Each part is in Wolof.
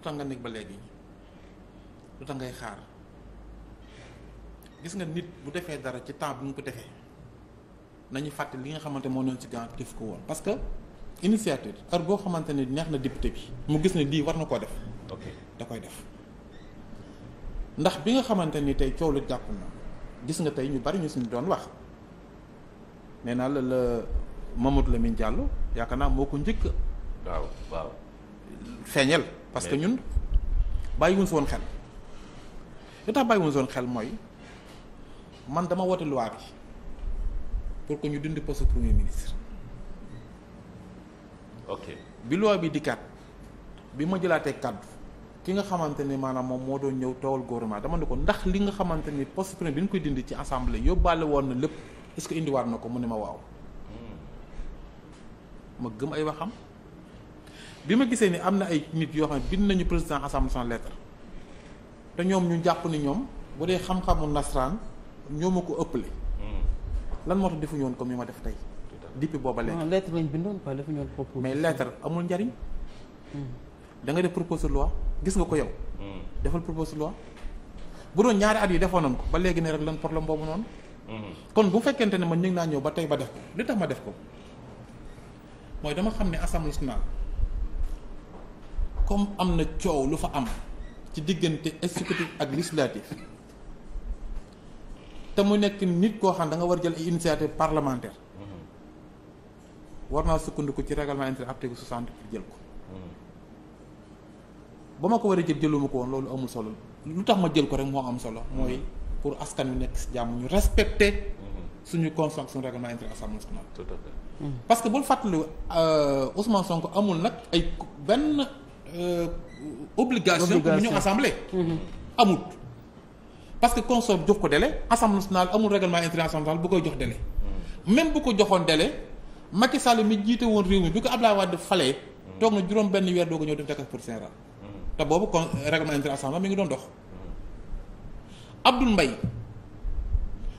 lu tax nga nekk ba léegi lu tax ngay xaar gis nga nit bu defee dara ci temps bi mu ko defee nañu fàtte li nga xamante moo doon ci gan def ko woon parce que initiative heure boo xamante ne neex na député bi mu gis ne lii war na koo def ok da koy def ndax bi nga xamante ni tey coow la jàpp na gis nga tey ñu bari ñu suñu doon wax nee naa la la Mamadou Lamine Diallo yaakaar naa moo ko njëkk waaw waaw feeñal parce que ñun bàyyiwuñ si woon xel li tax bàyyiwuñ si woon xel mooy man dama woote loi pour que ñu dindi post premier ministre. ok bi loi bi dikkaat bi ma jëlaatee kàddu ki nga xamante ni maanaam moom moo doon ñëw toowal gouvernement dama ne ko ndax li nga xamante ni post premier bi ñu koy dindi ci assemblée yóbbaale woon na lépp est-ce que indiwaat na ko mu ne ma waaw hmm. ma gëm ay waxam. bi ma gisee ni am na ay nit yoo xam ne bind nañu président assemblée nationale lettre te ñoom ñu jàpp ni ñoom bu dee xam-xamu nasraan ñoo ma ko ëppale. Hmm. lan moo tax defuñu woon comme ni ma def tey. depuis booba léegi non lettre lañ bindoon quoi defuñu mais lettre amul njariñ. Hmm. da nga def proposition de loi gis nga ko yow. Hmm. defal proposition de loi ñaari at yi defoon nañ ko ba léegi ne rek lan problème boobu noonu. kon bu fekkente ne man ñu ngi naa ñëw ba tey ba def ko li tax ma def ko mooy dama xam ne assemblée nationale. comme am na coow lu fa am ci diggante exécutif ak législatif te mu nekk nit koo xam da nga war jël ay initiative parlementaire war naa sukkandiku ci règlement intérieur article 60 pour jël ko ba ma ko war a jël jëluma ko woon loolu amul solo lu tax ma jël ko rek moo am solo mooy pour askan wi nekk si jàmm ñu respecter suñu constitution règlement intérieur assemblée nationale parce que bul fàttali euh, Ousmane Sonko amul nag ay benn Euh, obligation pour mu ñëw assemblée mhm. amul parce que consomme jox ko délai assemblée nationale amul règlement intérieur assemblée bu koy jox délai mhm. même bu ko joxoon délai Macky Sall mi jiite woon réew mi bi ko Abdoulaye Wade falee mhm. toog na juróom benn weer doo ko ñëw te boobu kon règlement mi ngi doon dox Abdoul Mbaye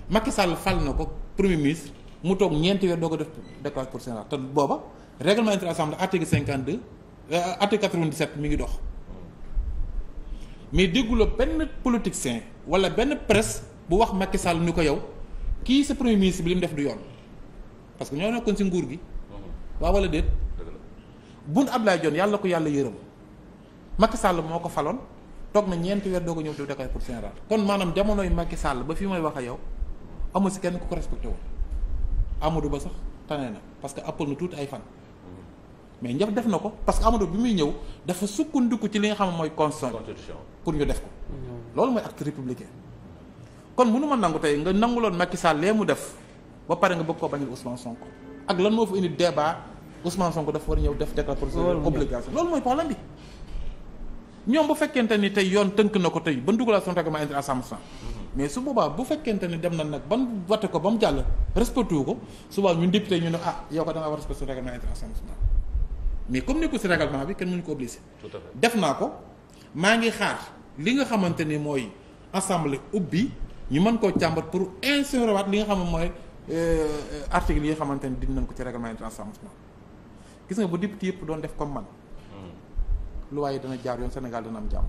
Macky Sall na ko premier mu toog ñeenti weer doo ko def déclaration pour Sénégal te booba règlement intérieur assemblée article Euh, article 97 mi ngi dox mais déggula benn politicien wala benn presse bu wax makki sàll ni ko yow kii sa premier ministre bi li mu def du yoon parce que ñoo nekkoon ci nguur gi mhm. waaw wala déet bun Ablaye Dione yàlla ko yàlla yërëm Macky Sall moo ko faloon toog na ñeenti weer doo ko ñëw di Dakar pour général kon maanaam jamonoy Macky sàll ba fi may wax a yow amul si kenn ku ko respecté woon Amadou Ba sax tane na parce que appal na tuuti ay fan mais njëf def na ko parce que Amadou bi muy ñëw dafa sukkandiku ci li nga xam mooy constitution pour ñu def ko loolu mooy acte républicain kon mënu ma nangu tey nga nanguloon Macky Sall lee mu def ba pare nga bëgg koo bañal Ousmane Sonko ak lan moo fa indi débat Ousmane Sonko dafa war a ñëw def déclaration obligation loolu mooy problème bi bu fekkente ni tey yoon tënk na ko tey ba dugalaa son règlement intérieur Assemblée mm-hmm. nationale mais su boobaa bu fekkente ni dem na nag ban wate ko ba mu jàll respecté wu ko subaa ñun député ñu ne ah yow ko da war respecté règlement intérieur Assemblée nationale mais comme nekkul si règlement bi kenn ñu ko obligé. def naa ko maa ngi xaar li nga xamante ni mooy assemblée ubbi ñu mën koo càmbar pour instaurer waat li nga xam ne mooy euh, article yi nga xamante ni dinañ ko ci règlement international gis nga bu député yëpp doon def comme man. Hmm. loi yi dana jaar yoon Sénégal dana am jàmm.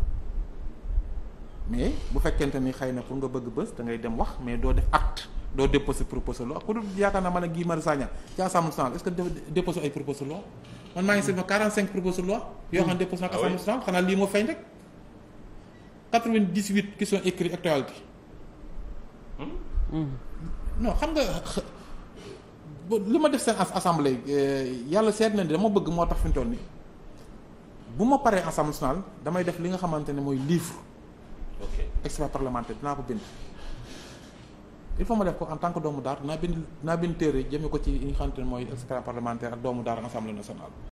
mais bu fekkente ni xëy na pour nga bëgg bës da ngay dem wax mais doo def att doo déposé proposition de loi ku dul yaakaar naa man a Guy Marius Sagna ci Assemblée nationale est-ce que déposé ay proposition loi man maa ngi sama 45 proposition de loi yoo xam ah moo feeñ rek 98 questions écrites actualité hmm. Hmm. xam nga li ma def seen assemblée eh, yàlla seet na ni dama bëgg moo tax fi mu toll bu ma paree assemblée damay def li nga xamante ne mooy livre. ok extra parlementaire dinaa ko bind. il faut ma def ko en tant que doomu daar naa bind naa bind téere jëmee ko ci ñi nga xamante mooy secrétaire parlementaire doomu daar assemblée nationale